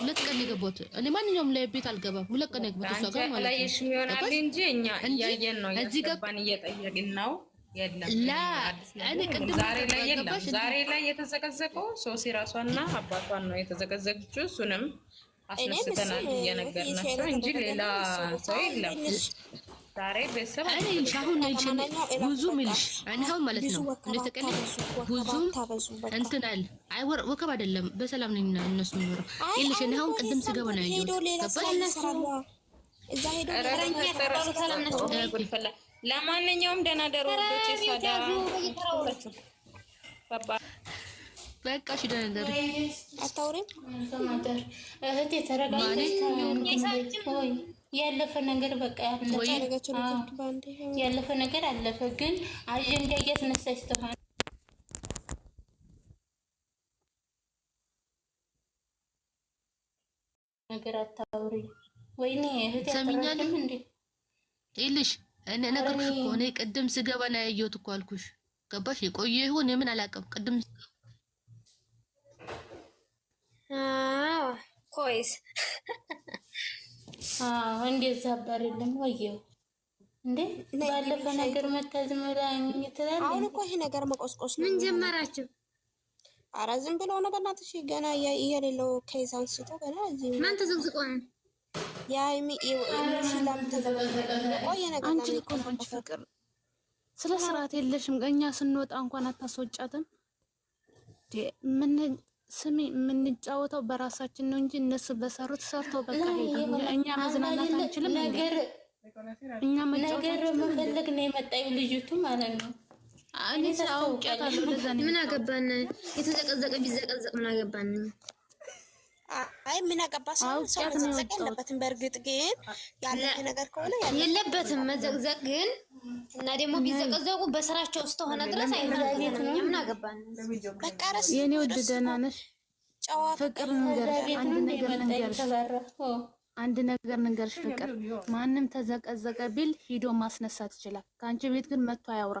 ሁለት ቀን የገባት እኔ ማንኛውም ላይ ቤት አልገባም። ሁለት ቀን የገባት እሷ ጋር ማለት ነው እንጂ እኛ እያየን ነው ያስገባን እየጠየቅን ነው። ዛሬ ላይ የተዘቀዘቀው ሶሲ ራሷና አባቷን ነው የተዘቀዘቀችው። እሱንም አስነስተናል እየነገርናቸው እንጂ ሌላ ሰው የለም። ዛሬ ቤተሰብ አይሽ አሁን ብዙ ምልሽ አሁን ማለት ነው እንደተቀለ ብዙ እንትን አለ አይወር ወከብ አይደለም። በሰላም ነኝ እነሱ ነው ይልሽ እኔ አሁን ቅድም ስገባ ነው ያየሁት። ለማንኛውም ደህና ደሩ በቃ እሺ፣ ደህና ደሩ። አታውሪም እህቴ ተረጋግጠሽ ያለፈ ነገር በቃ ያለፈ ነገር አለፈ። ግን አጀንዳ እያስነሳች ተሆነ ነገር አታውሪ። ወይኔ እህት ሰሚኛለሽ እንዴ ይልሽ እኔ ነገርኩሽ እኮ እኔ ቅድም ስገባ ነው ያየሁት እኮ አልኩሽ። ገባሽ? የቆየ ይሁን የምን አላውቅም። ቅድም አዎ፣ ኮይስ እንዴት ዛባር ወየው እንዴ ባለፈ ነገር አሁን እኮ ይሄ ነገር መቆስቆስ ነው። ምን ጀመራችሁ? አረ ዝም ብለው ነው። በእናትሽ ገና የሌለው ከይዝ አንስቶ ገና እዚህ ማን ተዘግዝቆ ነው የሀይሚ ነገር አንቺ እኮ አንቺ ፍቅር ስለ ስርዓት የለሽም። እኛ ስንወጣ እንኳን አታስወጫትም። ምን ስሚ የምንጫወተው በራሳችን ነው እንጂ እነሱ በሰሩት ሰርተው በቃ ሄዱ። እኛ መዝናናት አንችልም። ነገር እኛ ነገር መፈለግ ነው የመጣዩ ልጅቱ ማለት ነው። እኔ ሳውቄታለሁ። ምን አገባን? የተዘቀዘቀ ቢዘቀዘቅ ምን አገባን? አይ ምን አገባ ሰው መዘቅዘቅ የለበትም። በእርግጥ ግን ያለፈ ነገር ከሆነ ያለ የለበትም መዘቅዘቅ ግን እና ደግሞ ቢዘቀዘቁ በስራቸው እስከሆነ ድረስ አይመለከተንም። ምን አገባን? በቃ ረስ የኔ ውድ ደህና ነሽ? ፍቅር ነገር አንድ ነገር ነገር አንድ ነገር ንገርሽ። ፍቅር ማንም ተዘቀዘቀ ቢል ሂዶ ማስነሳት ይችላል። ከአንቺ ቤት ግን መጥቶ አያውራ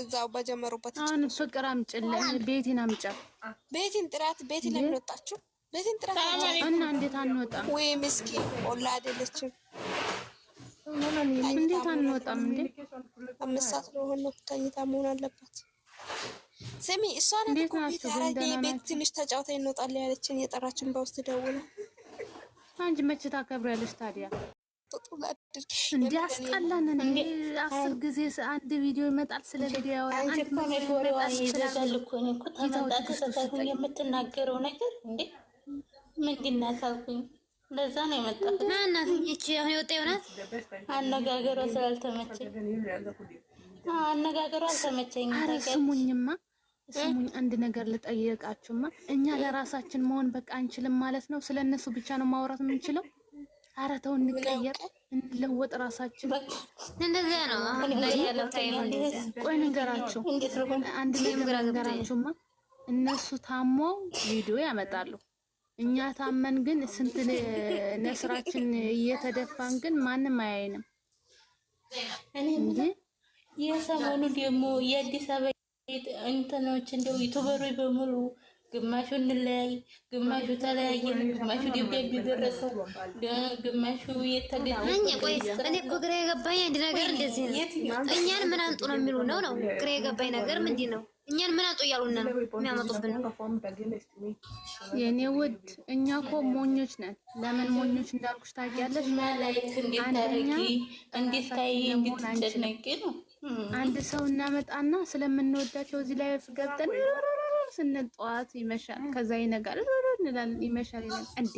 እዛው በጀመሩበት አሁን ፍቅር አምጭልን፣ ቤቲን አምጫ፣ ቤቲን ጥራት። ቤቲ ለምን ወጣችሁ? ቤቲን ጥራት እና እንዴት አንወጣም ወይ? ምስኪ ወላ አይደለችም። እንዴት አንወጣም እንዴ? አምስት ሰዓት ለሆነ ተኝታ መሆን አለባት። ስሚ እሷን ተኮምፒውተር ቤት ትንሽ ተጫውታ ይንወጣል ያለችን የጠራችን በውስጥ ደውላ አንቺ መቼ ታከብሪያለሽ ታዲያ? እንዲያስጠላን አስር ጊዜ አንድ ቪዲዮ ይመጣል። ስለ ቪዲዮ የምትናገረው ነገር እንዴ ለዛ ነው የመጣሁት። አነጋገሯ ስላልተመቸኝ አነጋገሯ አልተመቸኝ። ስሙኝማ ስሙኝ አንድ ነገር ልጠየቃችሁማ። እኛ ለራሳችን መሆን በቃ አንችልም ማለት ነው። ስለነሱ ብቻ ነው ማውራት የምንችለው። ኧረ ተው እንቀየር፣ እንለወጥ። ራሳችን እንደዚያ ነው። አሁን ላይ ያለው ታይም እንደዚያ። ቆይ ንገራችሁ፣ አንድ ላይ ንገራቸውማ። እነሱ ታሞ ቪዲዮ ያመጣሉ፣ እኛ ታመን ግን ስንት ነስራችን እየተደፋን ግን ማንም አያይንም። የሰሞኑ ደግሞ የአዲስ አበባ እንትኖች እንደው ዩቱበሮች በሙሉ ግማሹ እንለያይ፣ ግማሹ ተለያየን፣ ግማሹ ደብዳቤ ደረሰው፣ ግማሹ የተገኘ ቆይ እኔ እኮ ግራ የገባኝ አንድ ነገር እንደዚህ ነው። እኛን ምን አንጡ ነው የሚሉ ነው ነው ግራ የገባኝ ነገር ምንድን ነው? እኛን ምን አንጡ እያሉን ነው የሚያመጡብን የእኔ ውድ እኛ እኮ ሞኞች ነን። ለምን ሞኞች እንዳልኩሽ ታውቂያለሽ? ላይክ እንዲታረጊ እንዲታይ እንዲትጨነቂ ነው። አንድ ሰው እናመጣና ስለምንወዳቸው እዚህ ላይ ገብተን ስንል ጠዋት ይመሻል፣ ከዛ ይነጋል እንላለን። ይመሻል ይላል እንዴ!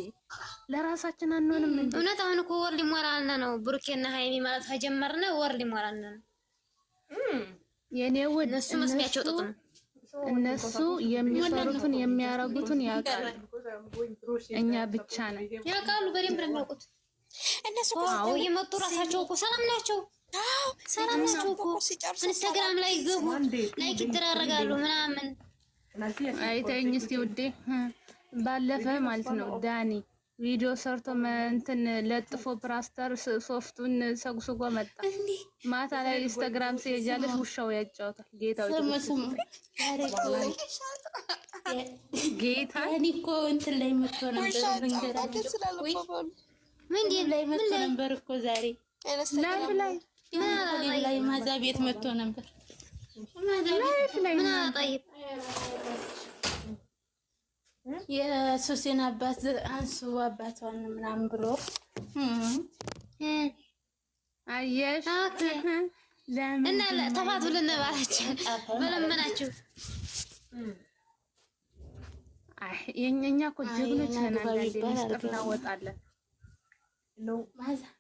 ለራሳችን አንሆንም። እውነት አሁን እኮ ወር ሊሞላልና ነው። ብሩኬና ሀይሚ ማለት ከጀመርነ ወር ሊሞላልና ነው። የኔ ውድ እነሱ መስሚያቸው ጥጥም እነሱ የሚሰሩትን የሚያረጉትን ያውቃሉ። እኛ ብቻ ነን ያውቃሉ፣ በደንብ ነው የሚያውቁት። እነሱ እኮ እየመጡ ራሳቸው እኮ ሰላም ናቸው ሰላም ናቸው እኮ ኢንስታግራም ላይ ገቡ ላይክ ይደራረጋሉ ምናምን አይተኝ እስቲ ውዴ። ባለፈ ማለት ነው ዳኒ ቪዲዮ ሰርቶ እንትን ለጥፎ ፕራስተር ሶፍቱን ሰጉስጎ መጣ። ማታ ላይ ኢንስታግራም ሲሄጃለሽ ውሻው ያጫወታል። ጌታው ጌታ እኔ እኮ እንትን ላይ መጥቶ ነበር እኮ ዛሬ ላይፍ ላይ ላይ ማዛ ቤት መጥቶ ነበር። የሶሴን አባት አንሱ አባቷን ምናምን ብሎ አየሽ እና ተፋት ብለን በለመናችሁ የኛ እኮ ጀግኖች ነን። አንዳንዴ ሚስጥር እናወጣለን።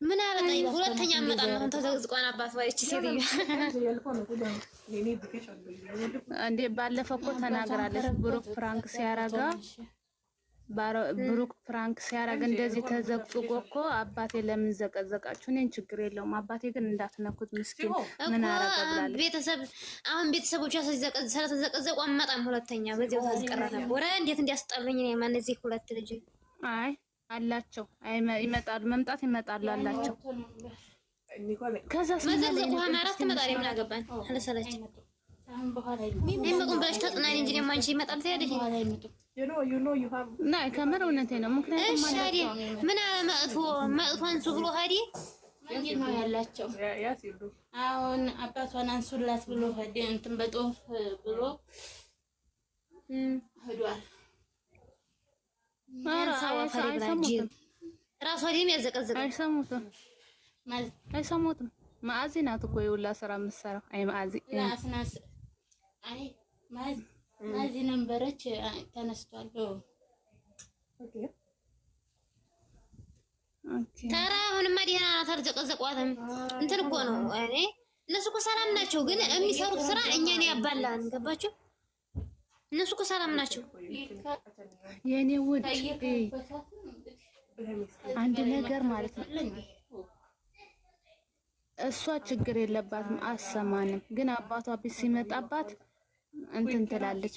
ምን አረቀኝ ሁለተኛ መጣም። አሁን ተዘግዝቋን አባት ባይቺ ሴትዮ እንዴ ባለፈው እኮ ተናግራለች። ብሩክ ፍራንክ ሲያረጋ ብሩክ ፍራንክ ሲያረግ እንደዚህ ተዘግዝቆ እኮ አባቴ ለምን ዘቀዘቃችሁ? እኔን ችግር የለውም አባቴ ግን እንዳትነኩት ምስኪን ምን ቤተሰብ አሁን ቤተሰቦቿ ስለተዘቀዘቁ አመጣም ሁለተኛ በዚህ ታስቀራለ ወረ እንዴት እንዲያስጠሉኝ እኔማ እነዚህ ሁለት ልጅ አይ አላቸው ይመጣል፣ መምጣት ይመጣል አላቸው። ምን አገባን ብለሽ እንጂ ይመጣል ከምር እውነቴ ነው። ምክንያቱም ምን አለ መጥፎ መጥፎ አንሱ ብሎ ሀዲ ያላቸው። አሁን አባቷን አንሱላት ብሎ ሀዲ እንትን በጦፍ ብሎ ሄዷል። ራሷ ደም ያዘቀዘቀ አይሰሙትም። አይሰሙትም። ናት እኮ የውላ ስራ የምትሰራው። አይ ማዕዚ ማዕዚ ነበረች። ተነስቷል። ተራ አሁንማ ደህና ናት። አልዘቀዘቋትም። እንትን እኮ ነው እኔ እነሱ እኮ ሰላም ናቸው፣ ግን የሚሰሩት ስራ እኛን ያባላን ገባቸው እነሱ እኮ ሰላም ናቸው። የእኔ ውድ አንድ ነገር ማለት ነው። እሷ ችግር የለባትም አሰማንም፣ ግን አባቷ ቢስ ሲመጣባት እንትን ትላለች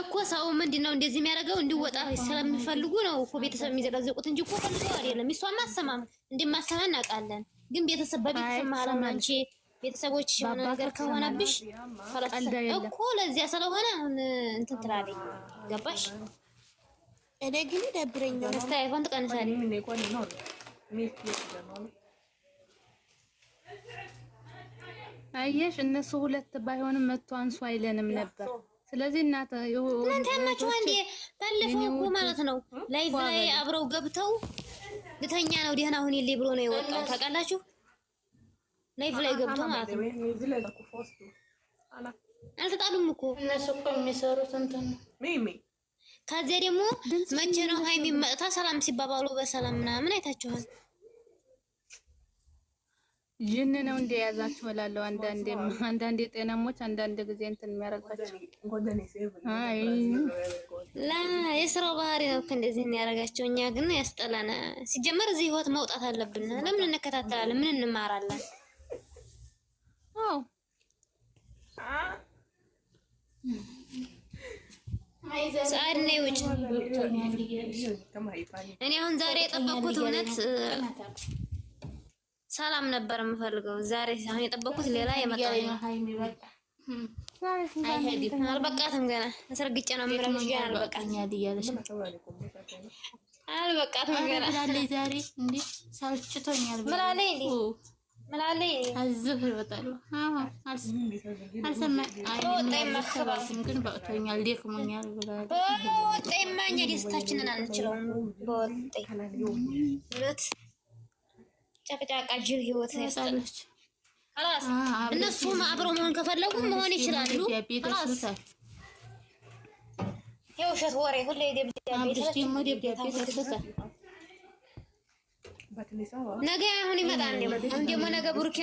እኮ። ሰው ምንድን ነው እንደዚህ የሚያደርገው? እንዲወጣ ስለሚፈልጉ ነው እኮ ቤተሰብ የሚዘረዘቁት እንጂ እኮ ፈልገው አይደለም። እሷማ አሰማም እንደማሰማ እናውቃለን፣ ግን ቤተሰብ በቤተሰብ መሀል ቤተሰቦች የሆነ ነገር ከሆነብሽ እኮ ለዚያ ስለሆነ አሁን እንትን ትላለች። ገባሽ? እኔ ግን ደብረኛ አስተያየቷን ትቀንሳለች። አየሽ፣ እነሱ ሁለት ባይሆንም መቶ አንሱ አይለንም ነበር። ስለዚህ እናት እናንተ አንዴ ባለፈው እኮ ማለት ነው ላይቭ ላይ አብረው ገብተው ልተኛ ነው ደህና ሁን ይልኝ ብሎ ነው የወጣው ታውቃላችሁ። ናይፍ ላይ ገብቶ ማለት ነው። አልተጣሉም እኮ እነሱ እኮ የሚሰሩት እንትን ነው። ከዚያ ደግሞ መቼ ነው ሀይሚ መጥታ ሰላም ሲባባሉ በሰላም ምናምን አይታችኋል። ይህን ነው እንደ ያዛችሁ እላለሁ። አንዳንዴ አንዳንዴ ጤናሞች አንዳንድ ጊዜ እንትን የሚያደርጋቸው ላ የስራው ባህሪ ነው እንደዚህ የሚያደርጋቸው። እኛ ግን ያስጠላና ሲጀመር እዚህ ህይወት መውጣት አለብን። ለምን እንከታተላለን? ምን እንማራለን? አዎ ነይ ውጭ። እኔ አሁን ዛሬ የጠበቅኩት እውነት ሰላም ነበር የምፈልገው። ዛሬ አሁን የጠበቅኩት ሌላ የመጣ አልበቃትም። ገና አስረግጬ ነው አልበቃትም። ገና ዛሬ እንደ አዝህ ይወጣሉ። አልሰማኝም፣ ደስታችንን አንችለውም። በወጣይ ጨቅጫቃ መሆን ከፈለጉ መሆን ይችላሉ። የውሸት ወሬ ሁሌ ደብዳቤ ተሰጣል። ነገ አሁን ይመጣል። እንዲሁም ነገ ቡርኪ